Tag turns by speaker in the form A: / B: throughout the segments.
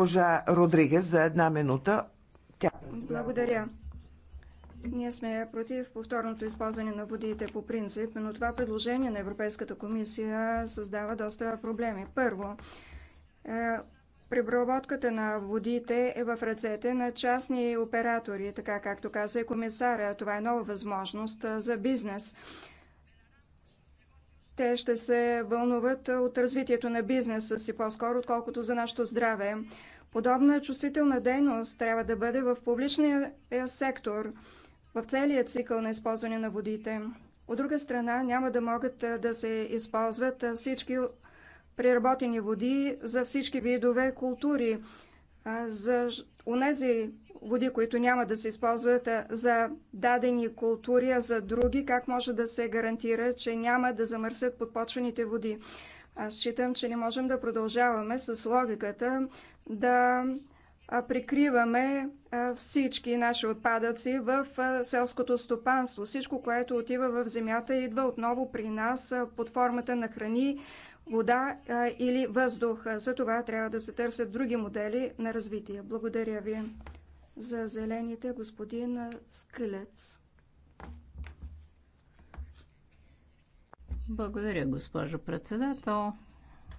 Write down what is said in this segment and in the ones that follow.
A: Госпожа Родригес за една минута. Тя... Благодаря.
B: Ние сме против повторното използване на водите по принцип, но това предложение на Европейската комисия създава доста проблеми. Първо, е, Преработката на водите е в ръцете на частни оператори, така както каза и комисаря. Това е нова възможност е, за бизнес. Те ще се вълнуват от развитието на бизнеса си по-скоро, отколкото за нашето здраве. Подобна чувствителна дейност трябва да бъде в публичния е, сектор, в целият цикъл на използване на водите. От друга страна, няма да могат е, да се използват е, всички преработени води за всички видове култури, за унези води, които няма да се използват за дадени култури, а за други, как може да се гарантира, че няма да замърсят подпочвените води. Аз считам, че не можем да продължаваме с логиката да прикриваме всички наши отпадъци в селското стопанство. Всичко, което отива в земята, идва отново при нас под формата на храни, вода или въздух. За това трябва да се търсят други модели на развитие. Благодаря ви за зелените, господин Скрилец.
C: Благодаря, госпожо председател.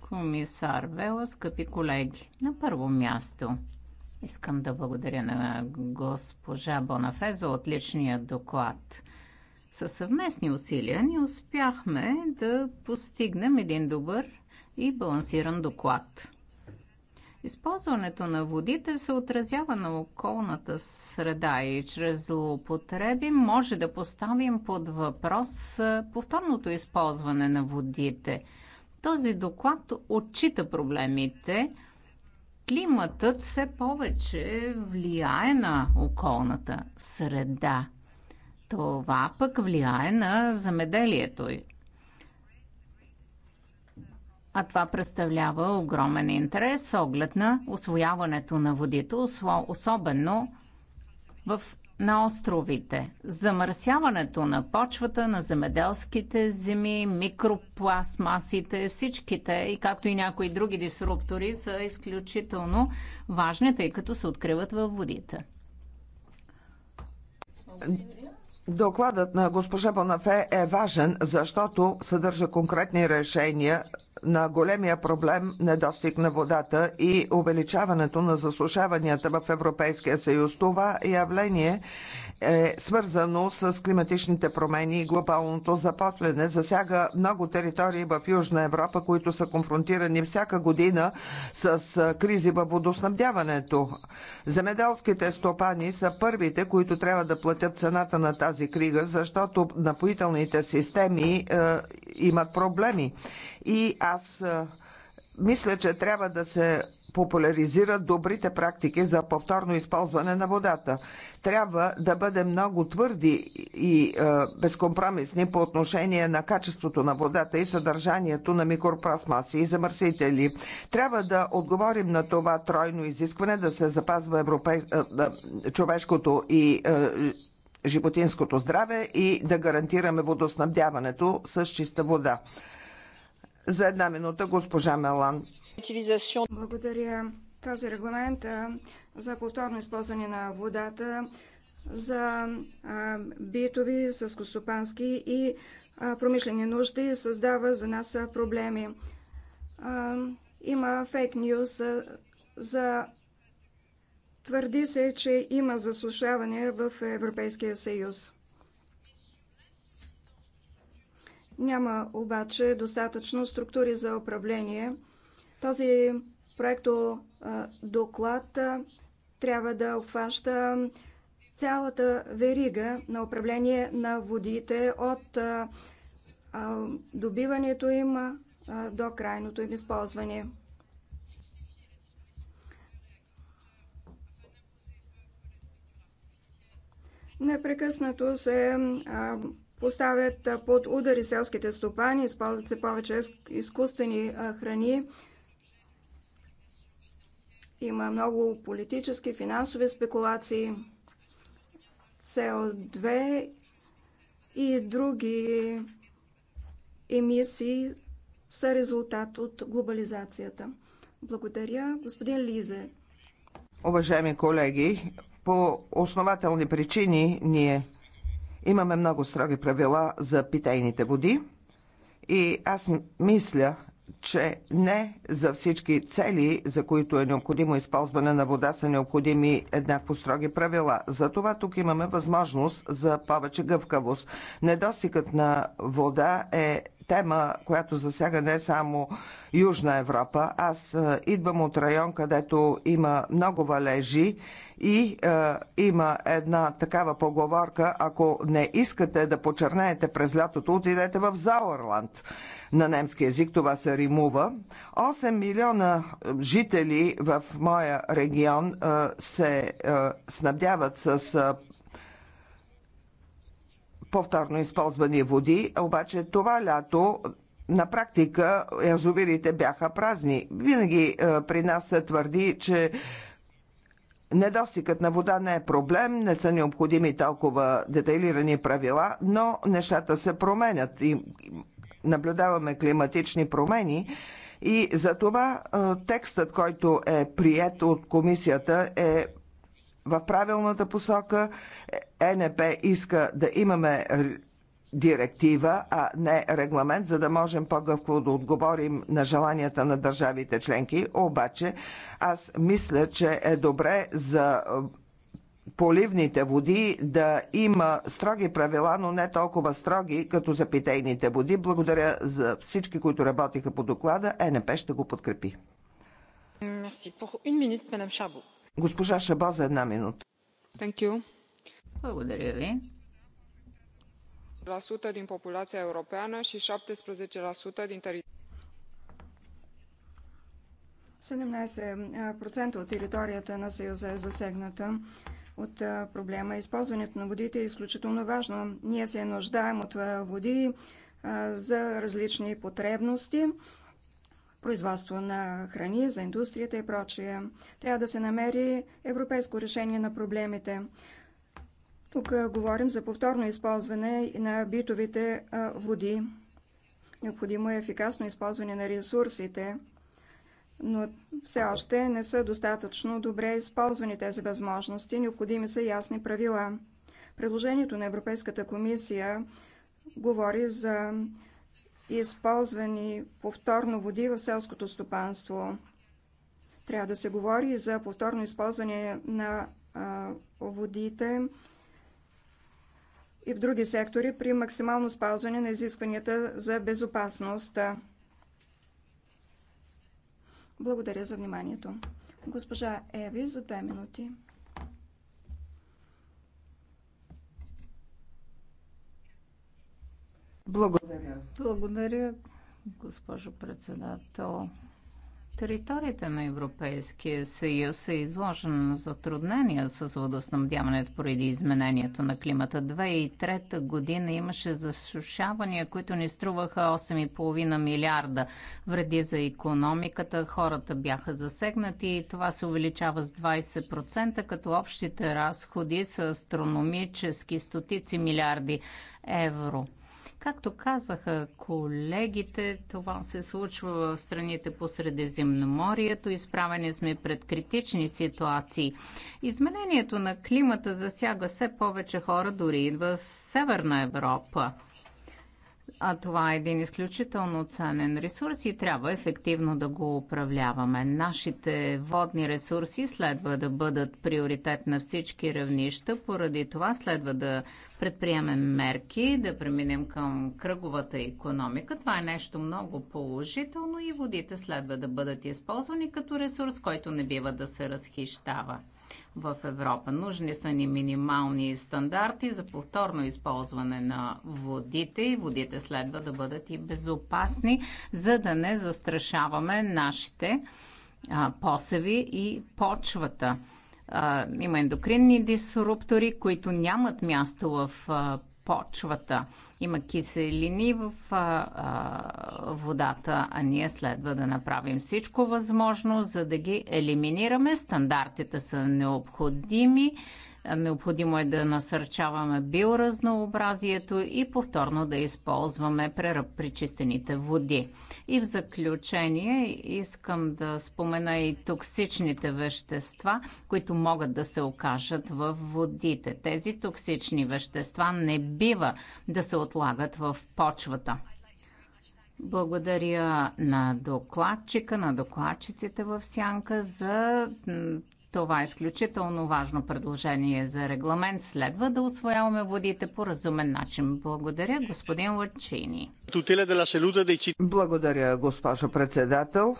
C: Комисар Вела, скъпи колеги, на първо място искам да благодаря на госпожа Бонафе за отличния доклад. Със съвместни усилия ни успяхме да постигнем един добър и балансиран доклад. Използването на водите се отразява на околната среда и чрез злоупотреби може да поставим под въпрос повторното използване на водите. Този доклад отчита проблемите. Климатът все повече влияе на околната среда. Това пък влияе на замеделието а това представлява огромен интерес с оглед на освояването на водите, особено в, на островите. Замърсяването на почвата, на земеделските земи, микропластмасите, всичките, и както и някои други дисруптори, са изключително важни, тъй като се откриват във водите.
A: Докладът на госпожа Бонафе е важен, защото съдържа конкретни решения на големия проблем недостиг на водата и увеличаването на засушаванията в Европейския съюз. Това явление е свързано с климатичните промени и глобалното запотляне. Засяга много територии в Южна Европа, които са конфронтирани всяка година с кризи във водоснабдяването. Земеделските стопани са първите, които трябва да платят цената на тази крига, защото напоителните системи е, имат проблеми. И аз е, мисля, че трябва да се Популяризира добрите практики за повторно използване на водата. Трябва да бъдем много твърди и е, безкомпромисни по отношение на качеството на водата и съдържанието на микропластмаси и замърсители. Трябва да отговорим на това тройно изискване да се запазва европей... е, човешкото и е, животинското здраве и да гарантираме водоснабдяването с чиста вода. За една минута госпожа Мелан.
B: Благодаря. Този регламент за повторно използване на водата за битови, съскостопански и промишлени нужди създава за нас проблеми. Има фейк нюз за Твърди се, че има засушаване в Европейския съюз. Няма обаче достатъчно структури за управление – този проекто доклад трябва да обхваща цялата верига на управление на водите от добиването им до крайното им използване. Непрекъснато се поставят под удари селските стопани, използват се повече изкуствени храни, има много политически, финансови спекулации, со 2 и други емисии са резултат от глобализацията. Благодаря, господин Лизе.
A: Уважаеми колеги, по основателни причини ние имаме много строги правила за питейните води и аз мисля, че не за всички цели, за които е необходимо използване на вода, са необходими еднакво строги правила. Затова тук имаме възможност за повече гъвкавост. Недостигът на вода е тема, която засяга не само Южна Европа. Аз е, идвам от район, където има много валежи и е, има една такава поговорка, ако не искате да почернеете през лятото, отидете в Зауърланд. На немски язик това се римува. 8 милиона е, жители в моя регион е, се е, снабдяват с е, повторно използвани води, обаче това лято на практика язовирите бяха празни. Винаги е, при нас се твърди, че Недостигът на вода не е проблем, не са необходими толкова детайлирани правила, но нещата се променят и наблюдаваме климатични промени. И за това е, текстът, който е прият от комисията, е в правилната посока. Е, ЕНП иска да имаме директива, а не регламент, за да можем по-гъвко да отговорим на желанията на държавите членки. Обаче аз мисля, че е добре за поливните води да има строги правила, но не толкова строги, като за питейните води. Благодаря за всички, които работиха по доклада. ЕНП ще го подкрепи.
C: Merci. Pour une minute, Madame
A: Госпожа Шабо за една минута. Thank you. Благодаря ви. 10% din populația europeană și 17% din teritoriul
B: 17% от територията на Съюза е засегната от проблема. Използването на водите е изключително важно. Ние се нуждаем от води за различни потребности производство на храни, за индустрията и прочие. Трябва да се намери европейско решение на проблемите. Тук говорим за повторно използване на битовите води. Необходимо е ефикасно използване на ресурсите, но все още не са достатъчно добре използвани тези възможности. Необходими са ясни правила. Предложението на Европейската комисия говори за и използвани повторно води в селското стопанство. Трябва да се говори за повторно използване на а, водите и в други сектори при максимално спазване на изискванията за безопасност. Благодаря за вниманието. Госпожа Еви за две минути.
A: Благодаря.
B: Благодаря,
C: госпожо председател. Територията на Европейския съюз е изложена на затруднения с водоснабдяването поради изменението на климата. 2003 година имаше засушавания, които ни струваха 8,5 милиарда. Вреди за економиката, хората бяха засегнати и това се увеличава с 20%, като общите разходи са астрономически стотици милиарди евро. Както казаха колегите, това се случва в страните по Средиземноморието. Изправени сме пред критични ситуации. Изменението на климата засяга все повече хора дори и в Северна Европа. А това е един изключително ценен ресурс и трябва ефективно да го управляваме. Нашите водни ресурси следва да бъдат приоритет на всички равнища, поради това следва да предприемем мерки, да преминем към кръговата економика. Това е нещо много положително и водите следва да бъдат използвани като ресурс, който не бива да се разхищава в Европа. Нужни са ни минимални стандарти за повторно използване на водите и водите следва да бъдат и безопасни, за да не застрашаваме нашите а, посеви и почвата. А, има ендокринни дисруптори, които нямат място в а, почвата. Има киселини в а, а, водата, а ние следва да направим всичко възможно, за да ги елиминираме. Стандартите са необходими Необходимо е да насърчаваме биоразнообразието и повторно да използваме пречистените води. И в заключение искам да спомена и токсичните вещества, които могат да се окажат в водите. Тези токсични вещества не бива да се отлагат в почвата. Благодаря на докладчика, на докладчиците в Сянка за това е изключително важно предложение за регламент. Следва да освояваме водите по разумен начин. Благодаря, господин Лачини.
A: Благодаря, госпожо председател.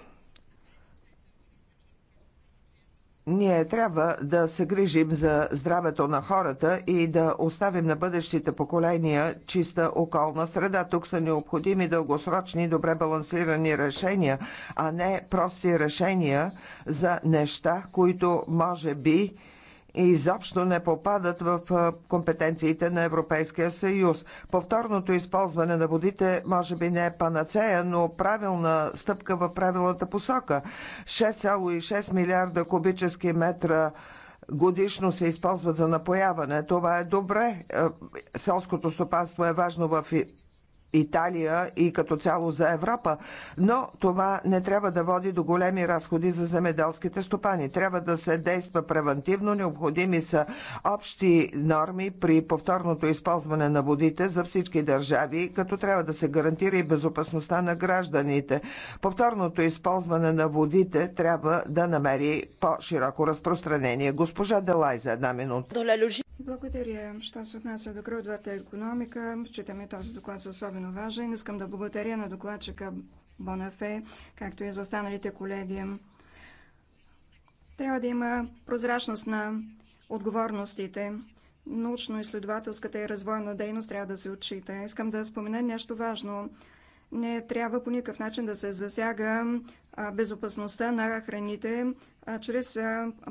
A: Ние трябва да се грижим за здравето на хората и да оставим на бъдещите поколения чиста околна среда. Тук са необходими дългосрочни, добре балансирани решения, а не прости решения за неща, които може би и изобщо не попадат в компетенциите на Европейския съюз. Повторното използване на водите може би не е панацея, но правилна стъпка в правилната посока. 6,6 милиарда кубически метра годишно се използват за напояване. Това е добре. Е, селското стопанство е важно в Италия и като цяло за Европа, но това не трябва да води до големи разходи за земеделските стопани. Трябва да се действа превентивно, необходими са общи норми при повторното използване на водите за всички държави, като трябва да се гарантира и безопасността на гражданите. Повторното използване на водите трябва да намери по-широко разпространение. Госпожа Делай за една минута.
B: Благодаря. Що се отнася до кръвдвата економика, считаме този доклад за особено важен. Искам да благодаря на докладчика Бонафе, както и за останалите колеги. Трябва да има прозрачност на отговорностите. Научно-изследователската и развойна дейност трябва да се отчита. Искам да спомена нещо важно. Не трябва по никакъв начин да се засяга безопасността на храните чрез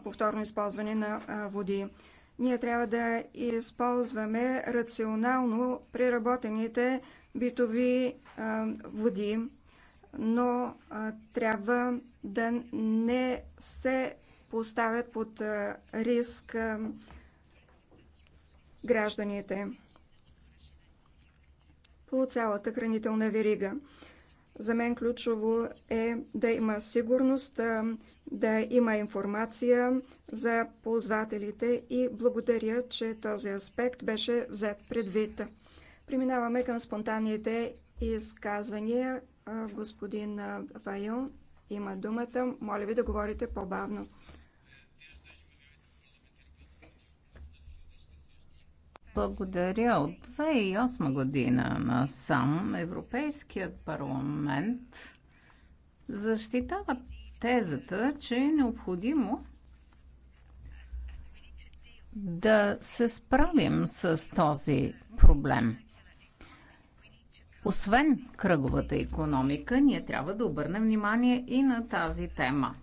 B: повторно използване на води. Ние трябва да използваме рационално преработените битови води, но трябва да не се поставят под риск гражданите по цялата хранителна верига. За мен ключово е да има сигурност, да има информация за ползвателите и благодаря, че този аспект беше взет предвид. Преминаваме към спонтанните изказвания. Господин Вайон има думата. Моля ви да говорите по-бавно. Благодаря. От
C: 2008 година на сам Европейският парламент защитава тезата, че е необходимо да се справим с този проблем. Освен кръговата економика, ние трябва да обърнем внимание и на тази тема.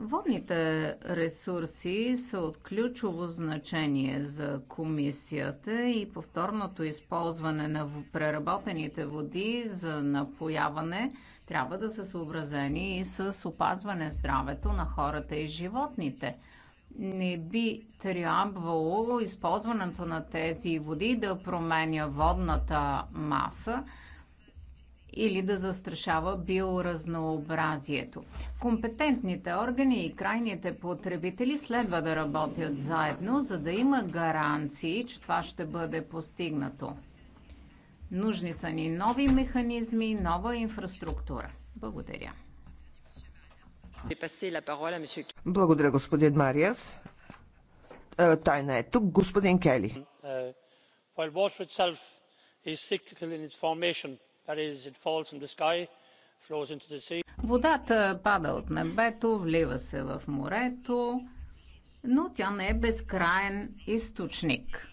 C: Водните ресурси са от ключово значение за комисията и повторното използване на преработените води за напояване трябва да са съобразени и с опазване здравето на хората и животните. Не би трябвало използването на тези води да променя водната маса, или да застрашава биоразнообразието. Компетентните органи и крайните потребители следва да работят заедно, за да има гаранции, че това ще бъде постигнато. Нужни са ни нови механизми, нова инфраструктура.
A: Благодаря. Благодаря, господин Мариас. Е, тайна е тук. Господин Кели.
C: Е, while water itself is cyclical in its formation, Водата пада от небето, влива се в морето, но тя не е безкраен източник.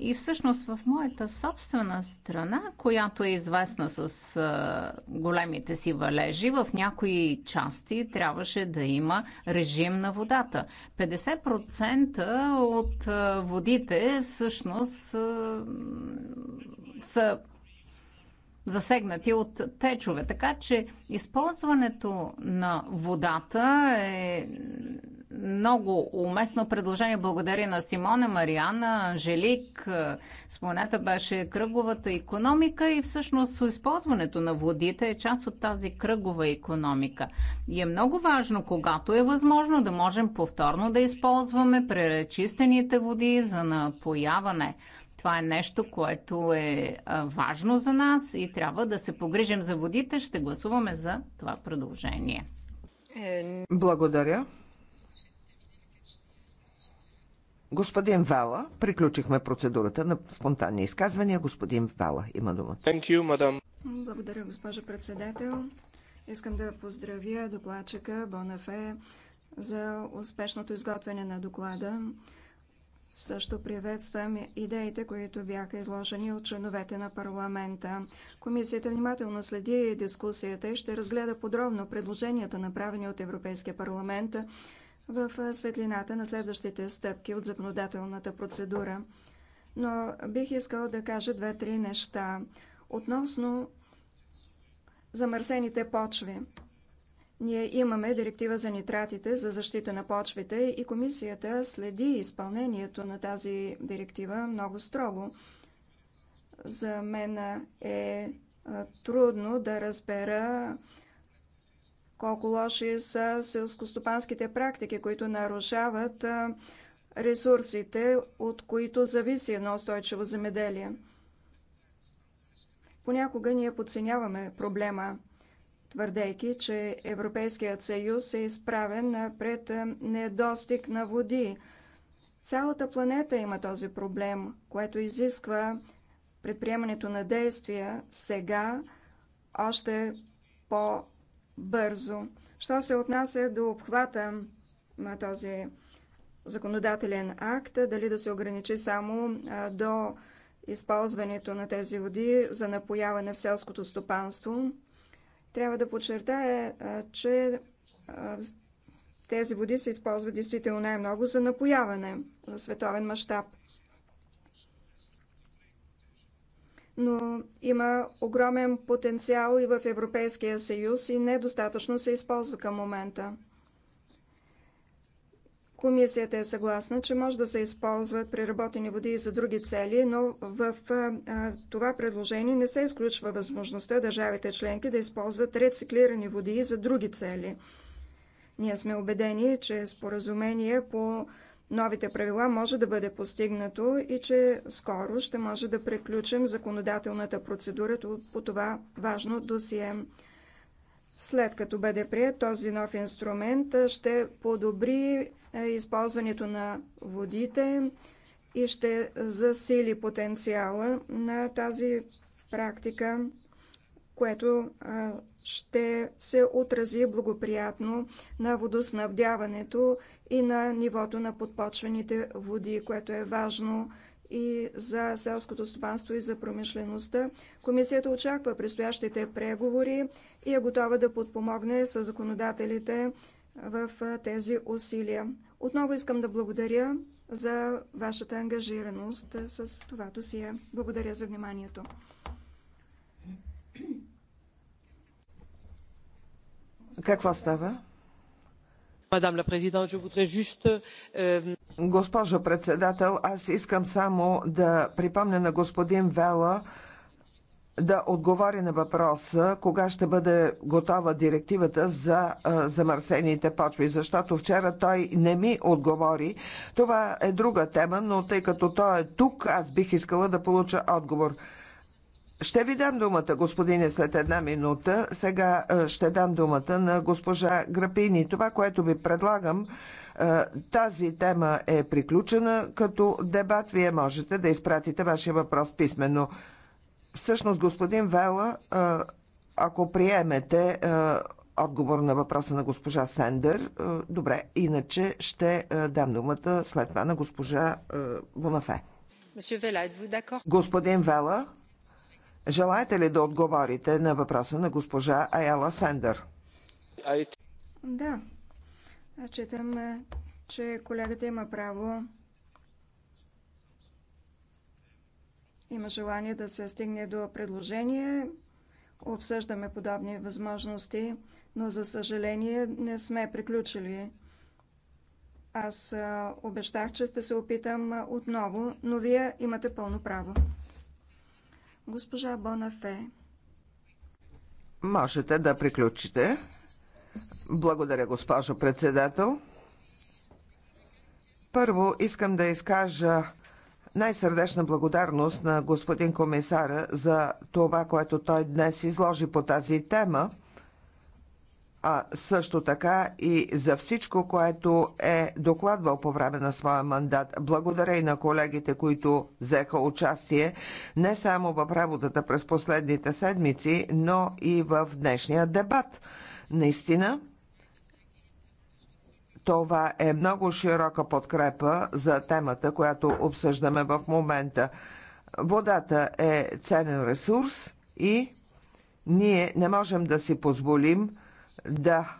C: И всъщност в моята собствена страна, която е известна с а, големите си валежи, в някои части трябваше да има режим на водата. 50% от а, водите всъщност а, са засегнати от течове. Така че използването на водата е много уместно предложение. Благодаря на Симона Мариана, Анжелик. Спомената беше кръговата економика и всъщност използването на водите е част от тази кръгова економика. И е много важно, когато е възможно, да можем повторно да използваме преречистените води за напояване. Това е нещо, което е важно за нас и трябва да се погрижим за водите. Ще гласуваме за това продължение.
A: Благодаря. Господин Вала, приключихме процедурата на спонтанни изказвания. Господин Вала има думата. You,
B: Благодаря, госпожа председател. Искам да поздравя докладчика Бонафе за успешното изготвяне на доклада. Също приветствам идеите, които бяха изложени от членовете на парламента. Комисията внимателно следи дискусията и ще разгледа подробно предложенията, направени от Европейския парламент в светлината на следващите стъпки от законодателната процедура. Но бих искал да кажа две-три неща относно замърсените почви. Ние имаме директива за нитратите за защита на почвите и комисията следи изпълнението на тази директива много строго. За мен е, е трудно да разбера колко лоши са селскостопанските практики, които нарушават ресурсите, от които зависи едно устойчиво земеделие. Понякога ние подценяваме проблема твърдейки, че Европейският съюз е изправен пред недостиг на води. Цялата планета има този проблем, което изисква предприемането на действия сега, още по-бързо. Що се отнася до обхвата на този законодателен акт, дали да се ограничи само до използването на тези води за напояване в селското стопанство, трябва да подчертая, че тези води се използват действително най-много за напояване в световен мащаб. но има огромен потенциал и в Европейския съюз и недостатъчно се използва към момента. Комисията е съгласна, че може да се използват преработени води и за други цели, но в това предложение не се изключва възможността държавите членки да използват рециклирани води и за други цели. Ние сме убедени, че споразумение по новите правила може да бъде постигнато и че скоро ще може да приключим законодателната процедура по това важно досие. След като бъде прият този нов инструмент, ще подобри използването на водите и ще засили потенциала на тази практика, което ще се отрази благоприятно на водоснабдяването и на нивото на подпочвените води, което е важно и за селското стопанство и за промишлеността. Комисията очаква предстоящите преговори и е готова да подпомогне с законодателите в тези усилия. Отново искам да благодаря за вашата ангажираност с това досие. Благодаря за вниманието.
A: Какво става? Euh, Госпожо председател, аз искам само да припомня на господин Вела, да отговори на въпроса кога ще бъде готова директивата за замърсените почви, защото вчера той не ми отговори. Това е друга тема, но тъй като той е тук, аз бих искала да получа отговор. Ще ви дам думата, господине, след една минута. Сега ще дам думата на госпожа Грапини. Това, което ви предлагам, тази тема е приключена като дебат. Вие можете да изпратите вашия въпрос писменно. Всъщност, господин Вела, ако приемете отговор на въпроса на госпожа Сендер, добре, иначе ще дам думата след това на госпожа Бонафе. Господин Вела, желаете ли да отговорите на въпроса на госпожа Аяла Сендер?
B: Да. Четам, че колегата има право има желание да се стигне до предложение. Обсъждаме подобни възможности, но за съжаление не сме приключили. Аз обещах, че ще се опитам отново, но вие имате пълно право. Госпожа Бонафе.
A: Можете да приключите. Благодаря, госпожо председател. Първо искам да изкажа най-сърдечна благодарност на господин комисара за това, което той днес изложи по тази тема, а също така и за всичко, което е докладвал по време на своя мандат. Благодаря и на колегите, които взеха участие не само в работата през последните седмици, но и в днешния дебат. Наистина, това е много широка подкрепа за темата, която обсъждаме в момента. Водата е ценен ресурс и ние не можем да си позволим да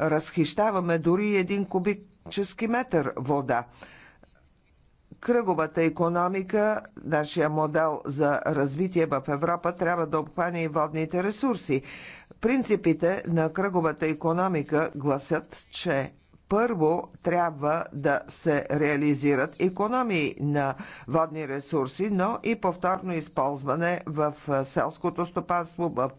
A: разхищаваме дори един кубически метър вода. Кръговата економика, нашия модел за развитие в Европа, трябва да обхване и водните ресурси. Принципите на кръговата економика гласят, че първо трябва да се реализират економии на водни ресурси, но и повторно използване в селското стопанство, в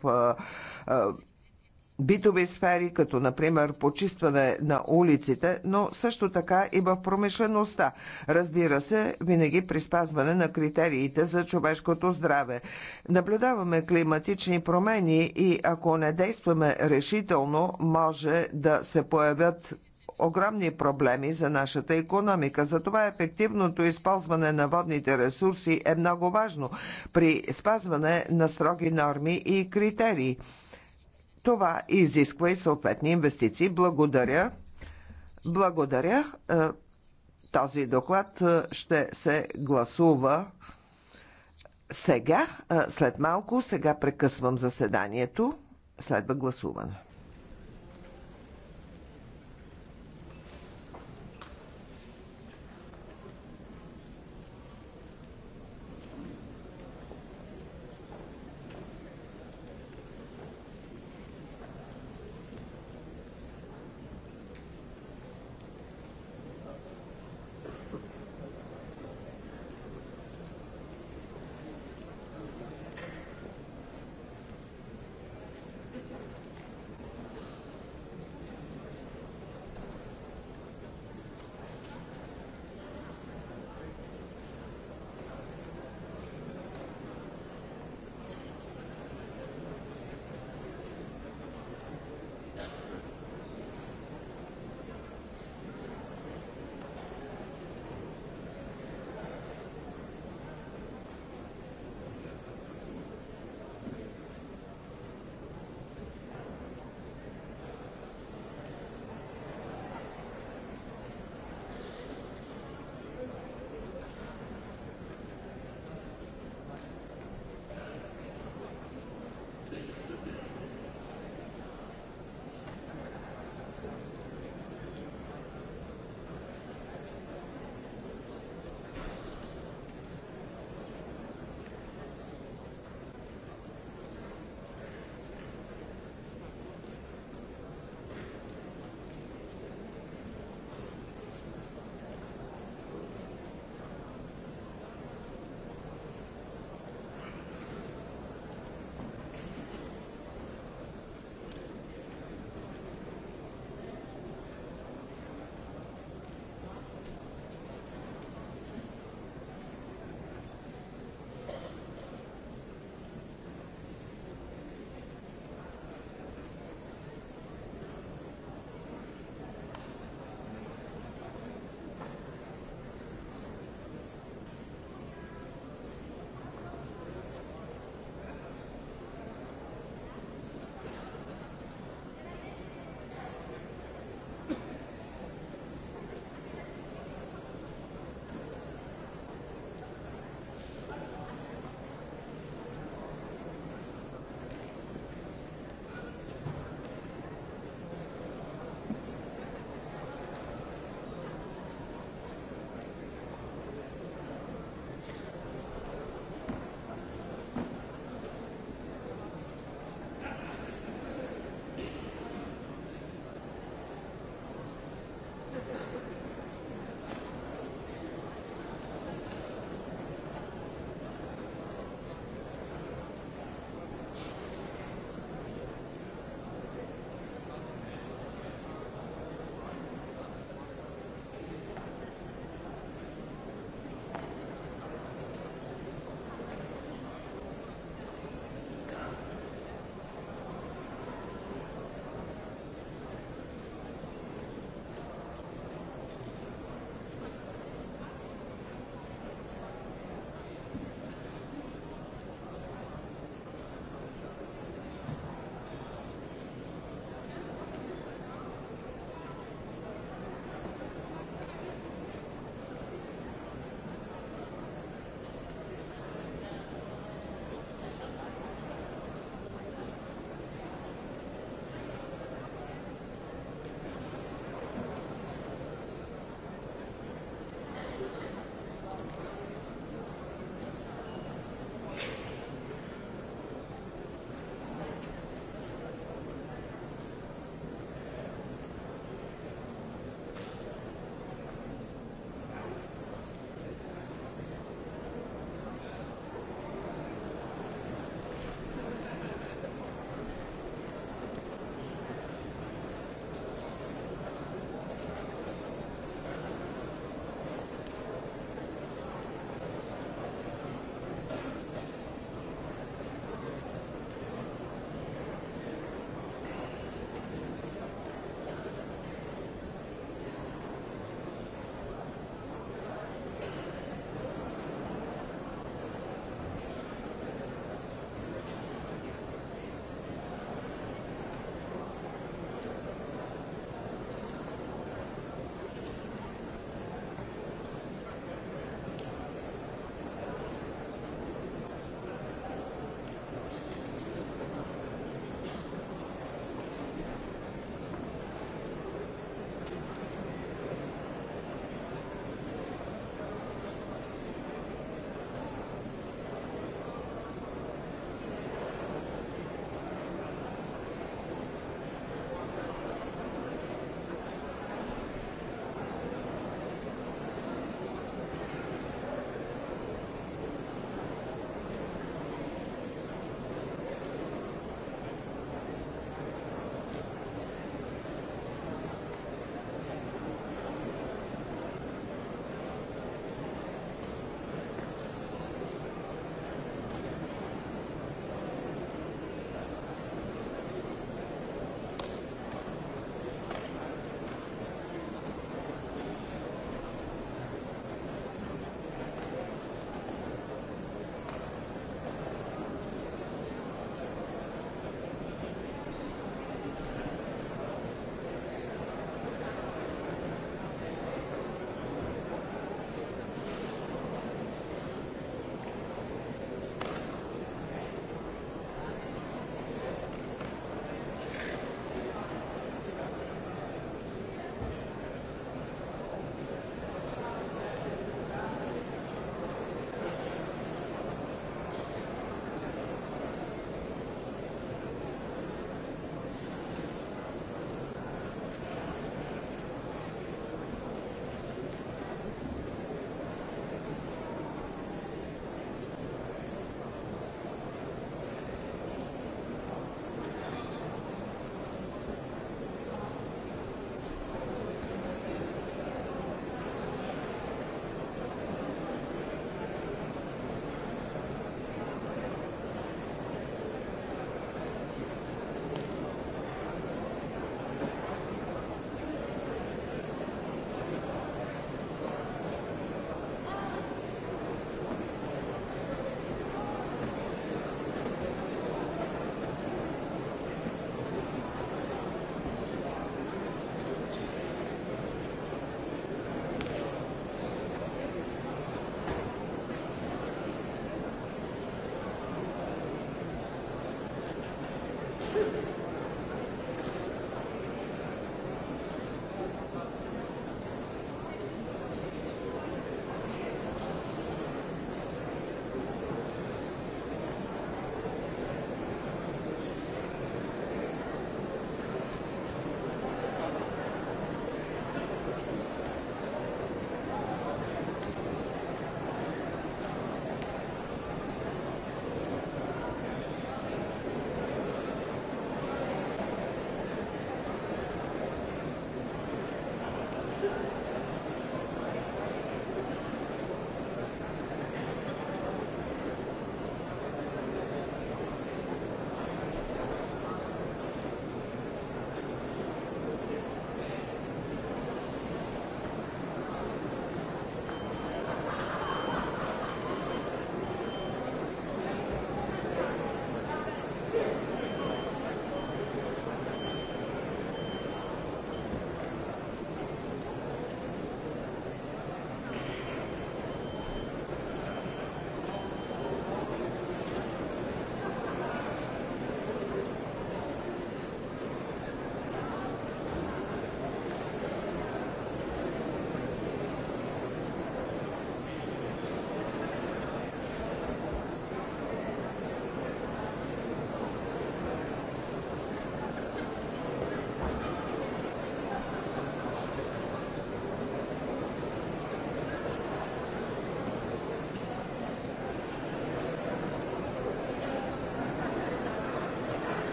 A: битови сфери, като например почистване на улиците, но също така и в промишлеността. Разбира се, винаги при спазване на критериите за човешкото здраве. Наблюдаваме климатични промени и ако не действаме решително, може да се появят огромни проблеми за нашата економика. Затова ефективното използване на водните ресурси е много важно при спазване на строги норми и критерии. Това изисква и съответни инвестиции. Благодаря. Благодаря. Е, този доклад е, ще се гласува сега, е, след малко. Сега прекъсвам заседанието. Следва гласуване.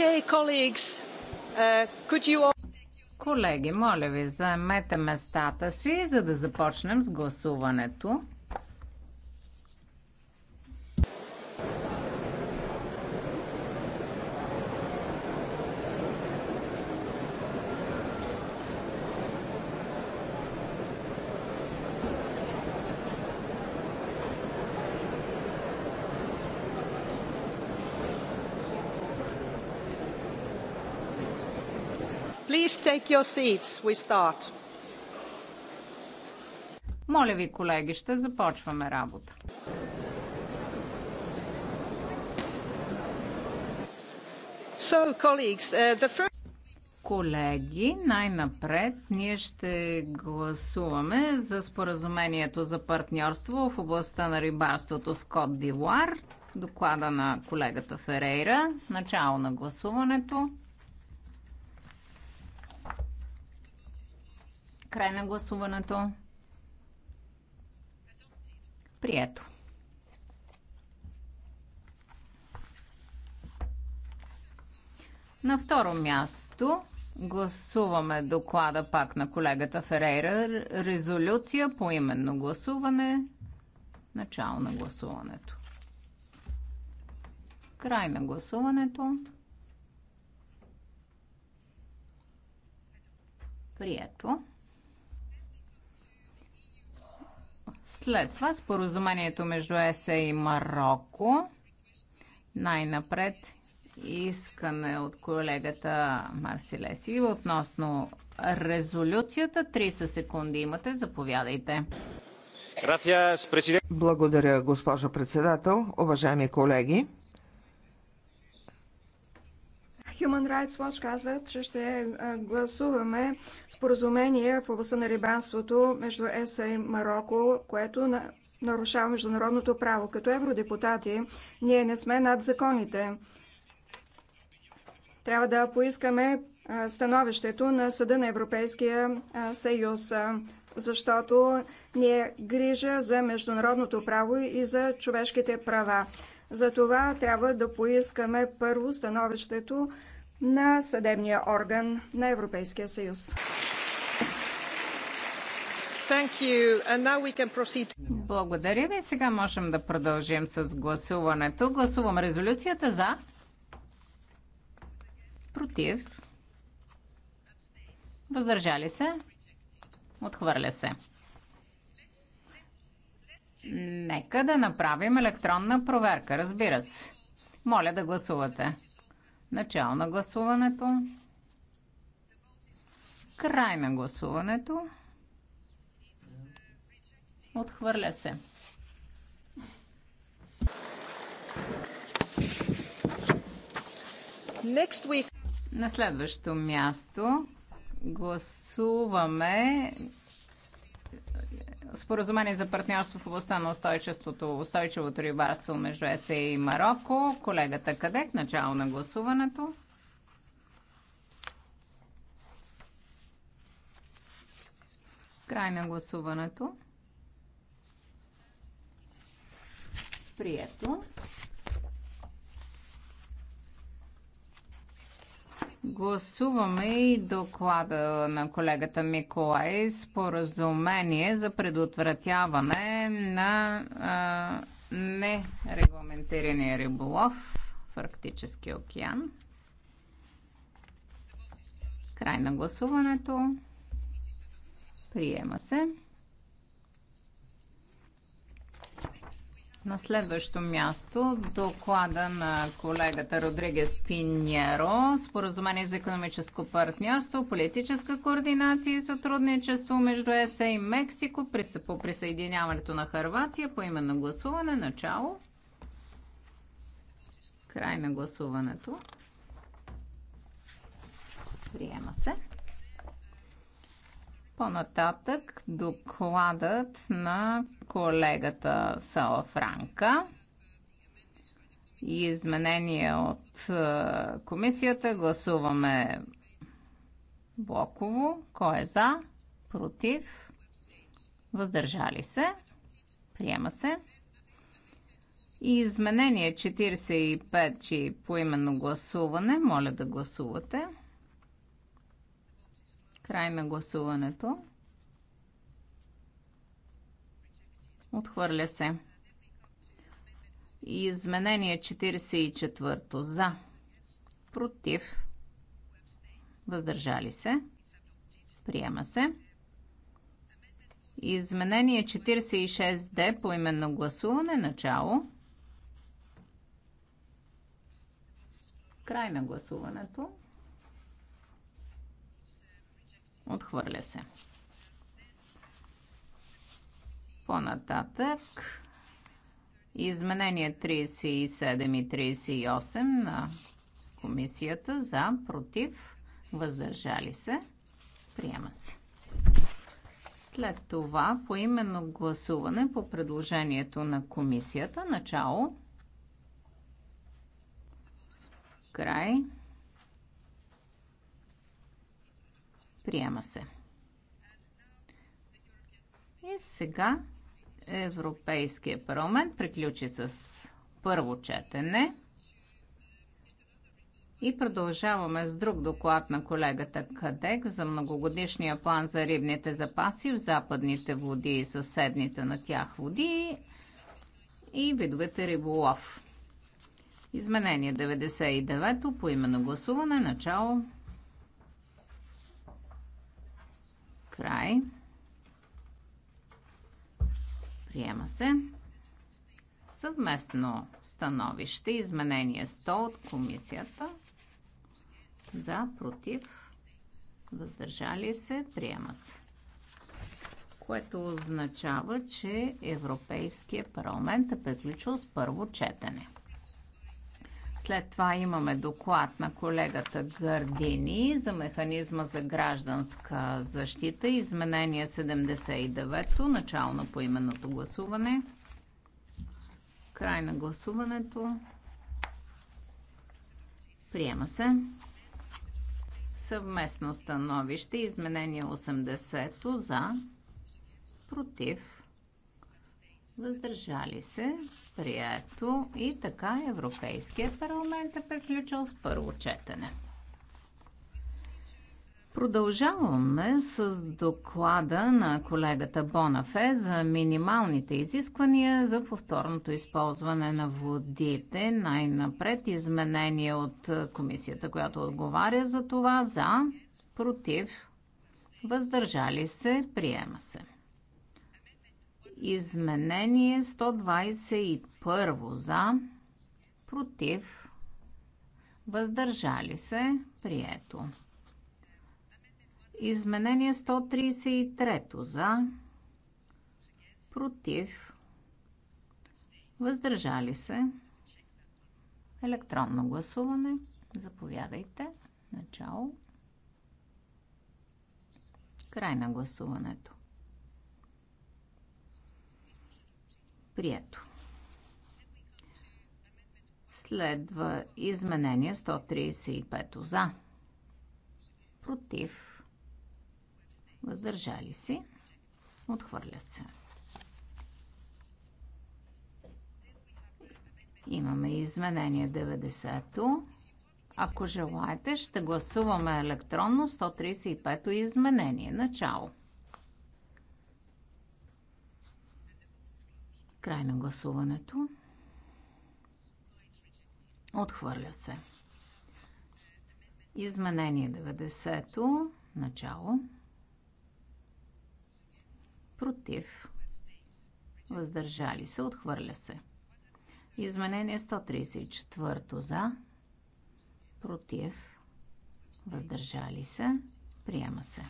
C: Uh, Колеги, моля ви, заемете местата си, за да започнем с гласуването.
B: take your seats. We start.
C: Моля ви, колеги, ще започваме работа. So, colleagues, uh, the first... Колеги, най-напред ние ще гласуваме за споразумението за партньорство в областта на рибарството с Кот Дивуар. Доклада на колегата Ферейра. Начало на гласуването. Край на гласуването. Прието. На второ място гласуваме доклада пак на колегата Ферейра. Резолюция по именно гласуване. Начало на гласуването. Край на гласуването. Прието. След това споразумението между ЕСА и Марокко. Най-напред искане от колегата Марсилеси относно резолюцията. 30 секунди имате, заповядайте.
A: Благодаря, госпожо председател. Уважаеми колеги,
B: Human Rights Watch казва, че ще е, гласуваме споразумение в областта на рибанството между ЕСА и Марокко, което нарушава международното право. Като евродепутати ние не сме над законите. Трябва да поискаме становището на Съда на Европейския съюз, защото ние грижа за международното право и за човешките права. За това трябва да поискаме първо становището на съдебния орган на Европейския съюз.
C: Благодаря ви. Сега можем да продължим с гласуването. Гласувам резолюцията за. Против. Въздържали се. Отхвърля се. Нека да направим електронна проверка, разбира се. Моля да гласувате. Начало на гласуването. Край на гласуването. Отхвърля се. Next week. На следващото място гласуваме споразумение за партньорство в областта на устойчивото, устойчивото рибарство между ЕСЕ и Марокко. Колегата Кадек, начало на гласуването. Край на гласуването. Прието. Гласуваме и доклада на колегата Миколай споразумение за предотвратяване на а, нерегламентирания риболов в Арктически океан. Край на гласуването. Приема се. На следващо място доклада на колегата Родригес Пиньеро, споразумение за економическо партньорство, политическа координация и сътрудничество между ЕСА и Мексико по присъединяването на Харватия по именно гласуване. Начало. Край на гласуването. Приема се. По-нататък докладът на колегата Сала Франка и изменение от е, комисията. Гласуваме блоково. Кой е за? Против? Въздържали се? Приема се. И изменение 45, че поименно гласуване. Моля да гласувате. Край на гласуването. Отхвърля се. Изменение 44 за. Против. Въздържали се. Приема се. Изменение 46D по именно гласуване. Начало. Край на гласуването. Отхвърля се. По-нататък изменение 37 и 38 на комисията за, против, въздържали се. Приема се. След това по именно гласуване по предложението на комисията. Начало. Край. Приема се. И сега Европейския парламент приключи с първо четене. И продължаваме с друг доклад на колегата Кадек за многогодишния план за рибните запаси в западните води и съседните на тях води и видовете риболов. Изменение 99-то по именно гласуване. Начало. Край. Приема се. Съвместно становище, изменение 100 от комисията. За, против, въздържали се, приема се. Което означава, че Европейския парламент е приключил с първо четене. След това имаме доклад на колегата Гърдини за механизма за гражданска защита, изменение 79-то, начало на поименното гласуване. Край на гласуването. Приема се. Съвместно становище, изменение 80-то за, против, въздържали се, прието и така Европейския парламент е приключил с първо четене. Продължаваме с доклада на колегата Бонафе за минималните изисквания за повторното използване на водите. Най-напред изменение от комисията, която отговаря за това, за, против, въздържали се, приема се. Изменение 121 за, против, въздържали се, прието. Изменение 133 за, против, въздържали се, електронно гласуване. Заповядайте. Начало. Край на гласуването. Прието. Следва изменение 135 за. Против. Въздържали си? Отхвърля се. Имаме изменение 90-то. Ако желаете, ще гласуваме електронно 135-то изменение. Начало. Край на гласуването. Отхвърля се. Изменение 90-то. Начало. Против. Въздържали се. Отхвърля се. Изменение 134 то за. Против. Въздържали се. Приема се.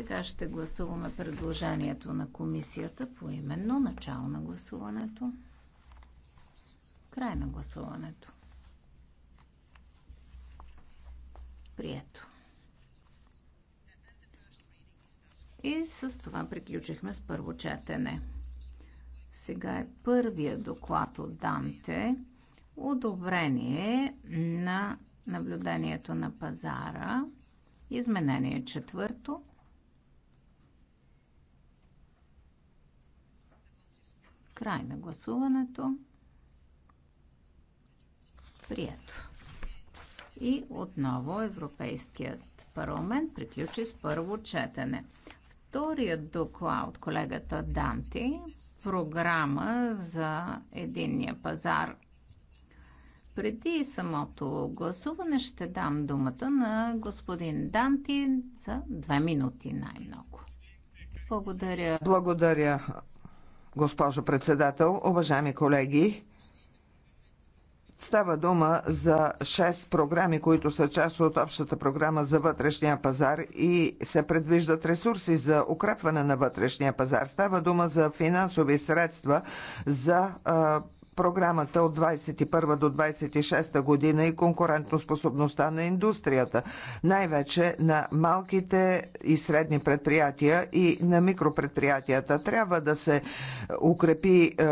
C: Сега ще гласуваме предложението на комисията по именно начало на гласуването. Край на гласуването. Прието. И с това приключихме с първо четене. Сега е първия доклад от Данте. Одобрение на наблюдението на пазара. Изменение четвърто. Край на гласуването. Прието. И отново Европейският парламент приключи с първо четене. Вторият доклад от колегата Данти програма за единния пазар. Преди самото гласуване ще дам думата на господин Данти за две минути най-много.
A: Благодаря. Благодаря госпожо председател, уважаеми колеги. Става дума за 6 програми, които са част от общата програма за вътрешния пазар и се предвиждат ресурси за укрепване на вътрешния пазар. Става дума за финансови средства за а, програмата от 21 до 26 година и конкурентоспособността на индустрията, най-вече на малките и средни предприятия и на микропредприятията. Трябва да се е, укрепи е,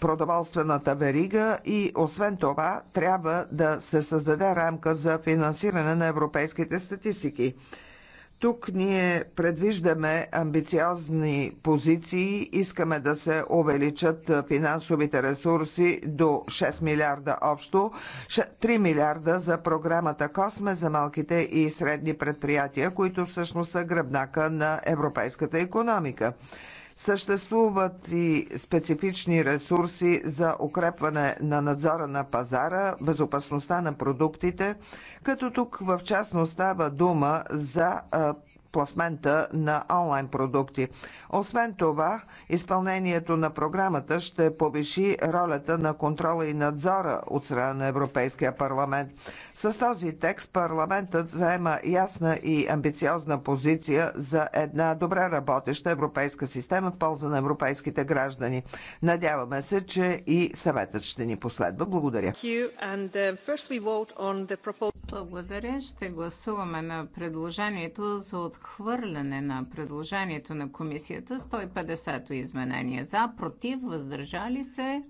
A: продоволствената верига и освен това трябва да се създаде рамка за финансиране на европейските статистики. Тук ние предвиждаме амбициозни позиции, искаме да се увеличат финансовите ресурси до 6 милиарда общо, 3 милиарда за програмата Косме за малките и средни предприятия, които всъщност са гръбнака на европейската економика. Съществуват и специфични ресурси за укрепване на надзора на пазара, безопасността на продуктите, като тук в частност става дума за пласмента на онлайн продукти. Освен това, изпълнението на програмата ще повиши ролята на контрола и надзора от страна на Европейския парламент. С този текст парламентът заема ясна и амбициозна позиция за една добре работеща европейска система в полза на европейските граждани. Надяваме се, че и съветът ще ни последва. Благодаря.
B: Uh,
C: Благодаря. Ще гласуваме на предложението за отхвърляне на предложението на комисията 150-то изменение за, против, въздържали се,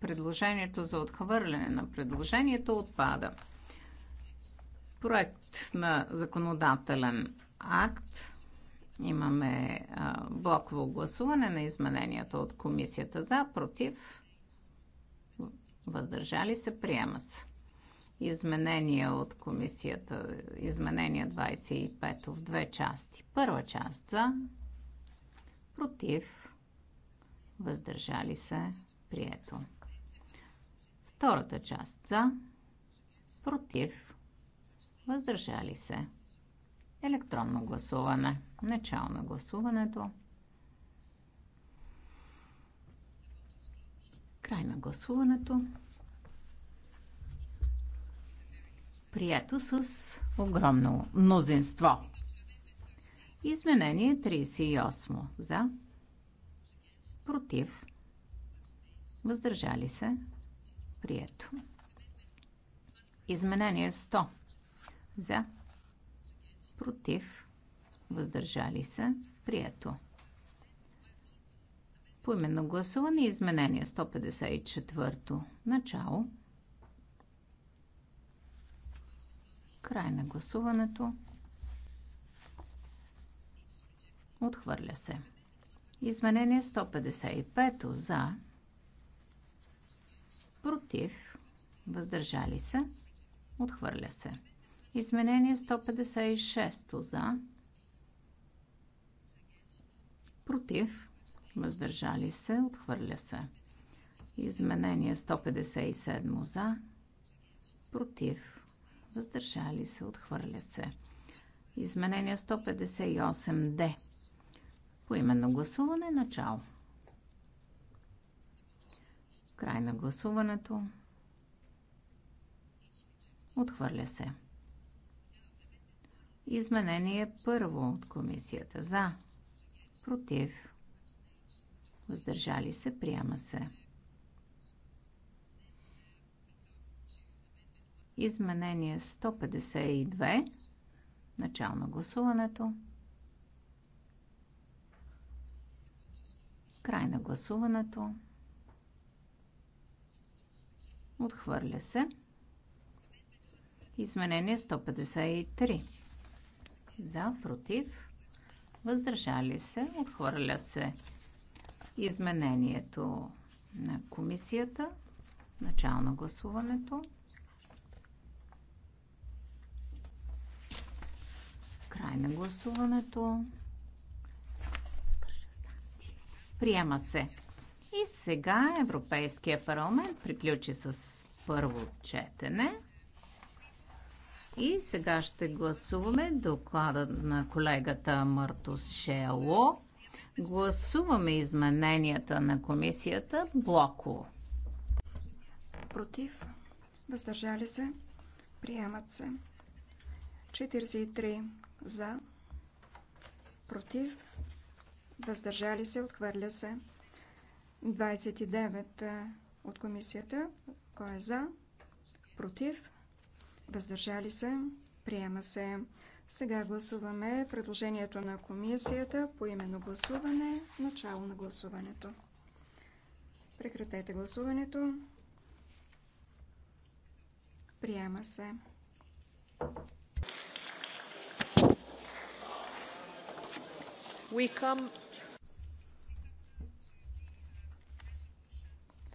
C: предложението за отхвърляне на предложението отпада. Проект на законодателен акт. Имаме блоково гласуване на измененията от комисията за, против, въздържали се, приема се. Изменения от комисията, изменение 25 в две части. Първа част за, против, въздържали се, прието. Втората част за, против, въздържали се. Електронно гласуване. Начало на гласуването. Край на гласуването. Прието с огромно мнозинство. Изменение 38. За. Против. Въздържали се. Прието. Изменение 100. За. Против. Въздържали се. Прието. Поименно гласуване. Изменение 154. Начало. Край на гласуването. Отхвърля се. Изменение 155 за против, въздържали се, отхвърля се. Изменение 156 за, против, въздържали се, отхвърля се. Изменение 157 за, против, въздържали се, отхвърля се. Изменение 158 Д. Поименно гласуване начало. Край на гласуването. Отхвърля се. Изменение първо от комисията. За. Против. Въздържали се. Приема се. Изменение 152. Начало на гласуването. Край на гласуването. Отхвърля се. Изменение 153. За, против, въздържали се, отхвърля се. Изменението на комисията, начало на гласуването. Край на гласуването. Приема се. И сега Европейския парламент приключи с първо четене. И сега ще гласуваме доклада на колегата Мартус Шело. Гласуваме измененията на комисията блоко.
B: Против. Въздържали се. Приемат се. 43 за. Против. Въздържали се. Отхвърля се. 29 от комисията. Кой е за? Против? Въздържали се? Приема се. Сега гласуваме предложението на комисията по именно гласуване. Начало на гласуването. Прекратете гласуването. Приема се. We come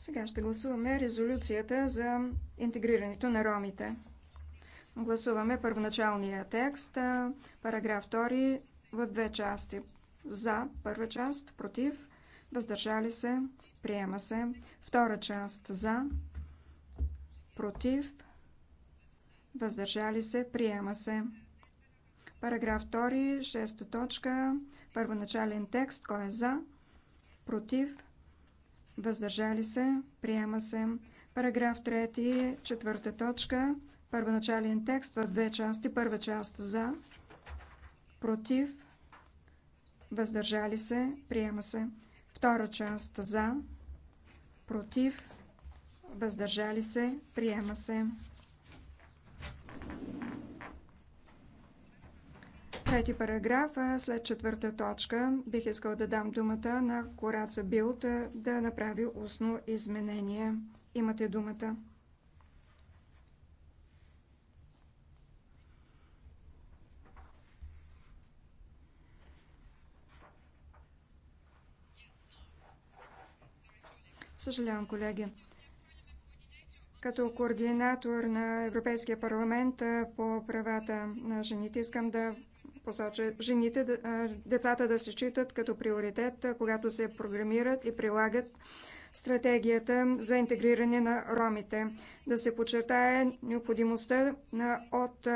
B: Сега ще гласуваме резолюцията за интегрирането на ромите. Гласуваме първоначалния текст, параграф 2 в две части. За първа част, против, въздържали се, приема се. Втора част за, против, въздържали се, приема се. Параграф 2, 6 точка, първоначален текст, кой е за, против, въздържали се, приема се. Параграф 3, четвърта точка, първоначален текст в две части. Първа част за, против, въздържали се, приема се. Втора част за, против, въздържали се, приема се. Трети параграф, след четвърта точка, бих искал да дам думата на Кораца Билт да направи устно изменение. Имате думата. Съжалявам, колеги. Като координатор на Европейския парламент по правата на жените искам да посочи жените, децата да се читат като приоритет, когато се програмират и прилагат стратегията за интегриране на ромите. Да се подчертае необходимостта от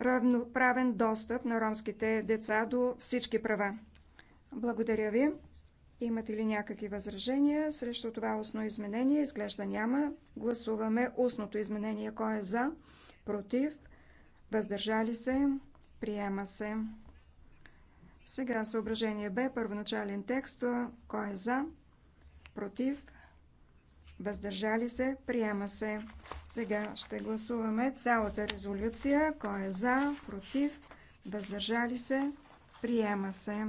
B: равноправен достъп на ромските деца до всички права. Благодаря ви. Имате ли някакви възражения срещу това устно изменение? Изглежда няма. Гласуваме устното изменение. Кой е за? Против? Въздържали се? Приема се. Сега съображение Б, първоначален текст. Кой е за? Против? Въздържали се? Приема се. Сега ще гласуваме цялата резолюция. Кой е за? Против? Въздържали се? Приема се.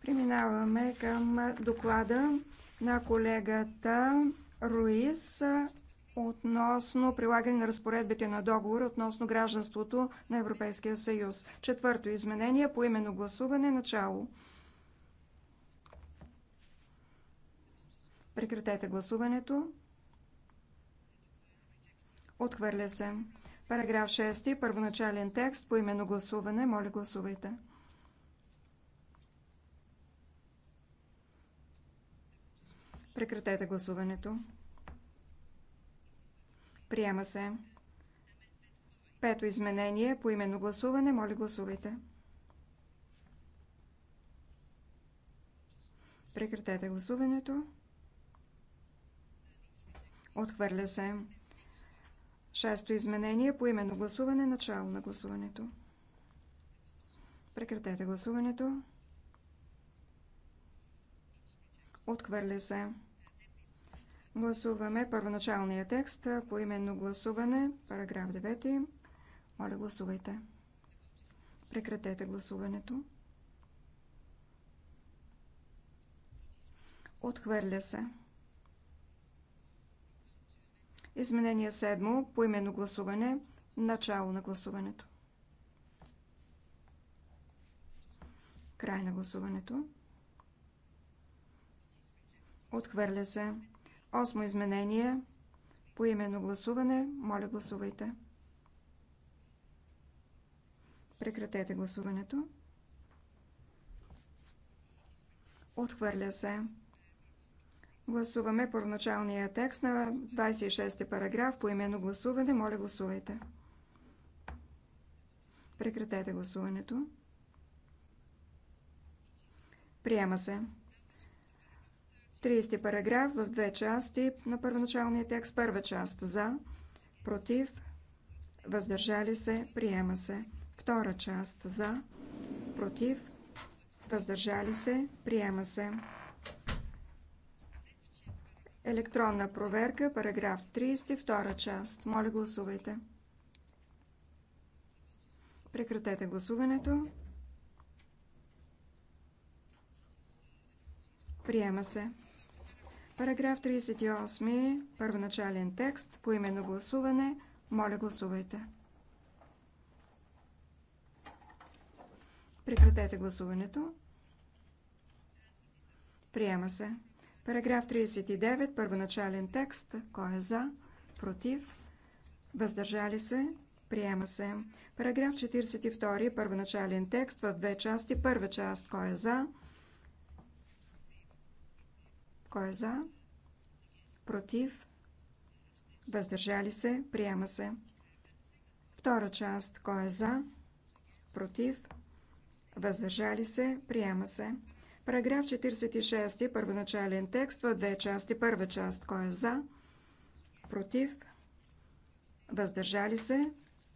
B: Преминаваме към доклада на колегата Руис относно прилагане на разпоредбите на договора относно гражданството на Европейския съюз. Четвърто изменение по именно гласуване начало. Прекратете гласуването. Отхвърля се. Параграф 6. Първоначален текст по именно гласуване. Моля гласувайте. Прекратете гласуването. Приема се. Пето изменение по именно гласуване. Моля гласувайте. Прекратете гласуването. Отхвърля се. Шесто изменение по именно гласуване. Начало на гласуването. Прекратете гласуването. Отхвърля се. Гласуваме първоначалния текст по именно гласуване, параграф 9. Моля, гласувайте. Прекратете гласуването. Отхвърля се. Изменение 7 по именно гласуване. Начало на гласуването. Край на гласуването. Отхвърля се. Осмо изменение по именно гласуване. Моля, гласувайте. Прекратете гласуването. Отхвърля се. Гласуваме първоначалния текст на 26 параграф по именно гласуване. Моля, гласувайте. Прекратете гласуването. Приема се. 30 параграф в две части на първоначалния текст. Първа част за, против, въздържали се, приема се. Втора част за, против, въздържали се, приема се. Електронна проверка, параграф 30, втора част. Моля гласувайте. Прекратете гласуването. Приема се. Параграф 38, първоначален текст, по именно гласуване. Моля, гласувайте. Прекратете гласуването. Приема се. Параграф 39, първоначален текст. Кой е за? Против? Въздържали се? Приема се. Параграф 42, първоначален текст в две части. Първа част. Кой е за? Кой е за? против, въздържали се, приема се. Втора част, кой е за, против, въздържали се, приема се. Параграф 46, първоначален текст в две части. Първа част, кой е за, против, въздържали се,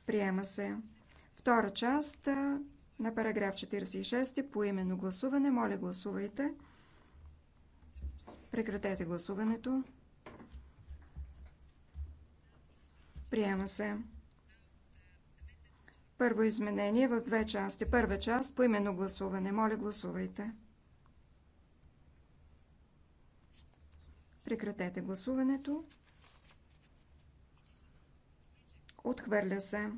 B: приема се. Втора част на параграф 46 по именно гласуване. Моля, гласувайте. Прекратете гласуването. Приема се. Първо изменение в две части. Първа част по именно гласуване. Моля, гласувайте. Прекратете гласуването. Отхвърля се.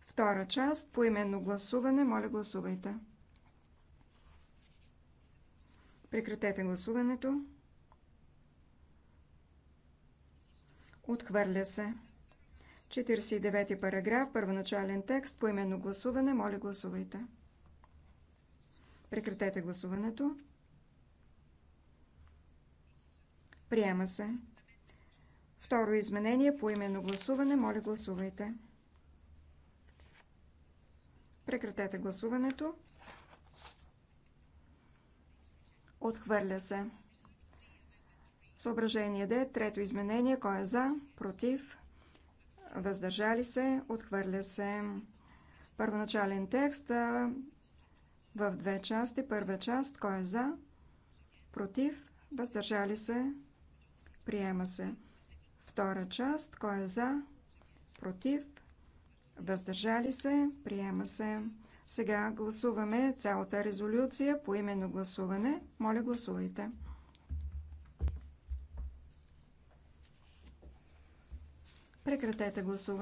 B: Втора част по именно гласуване. Моля, гласувайте. Прекратете гласуването. Отхвърля се. 49 параграф, първоначален текст, по именно гласуване. Моля, гласувайте. Прекратете гласуването. Приема се. Второ изменение по именно гласуване. Моля, гласувайте. Прекратете гласуването. Отхвърля се. Съображение Д. Трето изменение. Кой е за? Против? въздържали се, отхвърля се. Първоначален текст в две части. Първа част, кой е за, против, въздържали се, приема се. Втора част, кой е за, против, въздържали се, приема се. Сега гласуваме цялата резолюция по именно гласуване. Моля, гласувайте. Прекратете гласуването.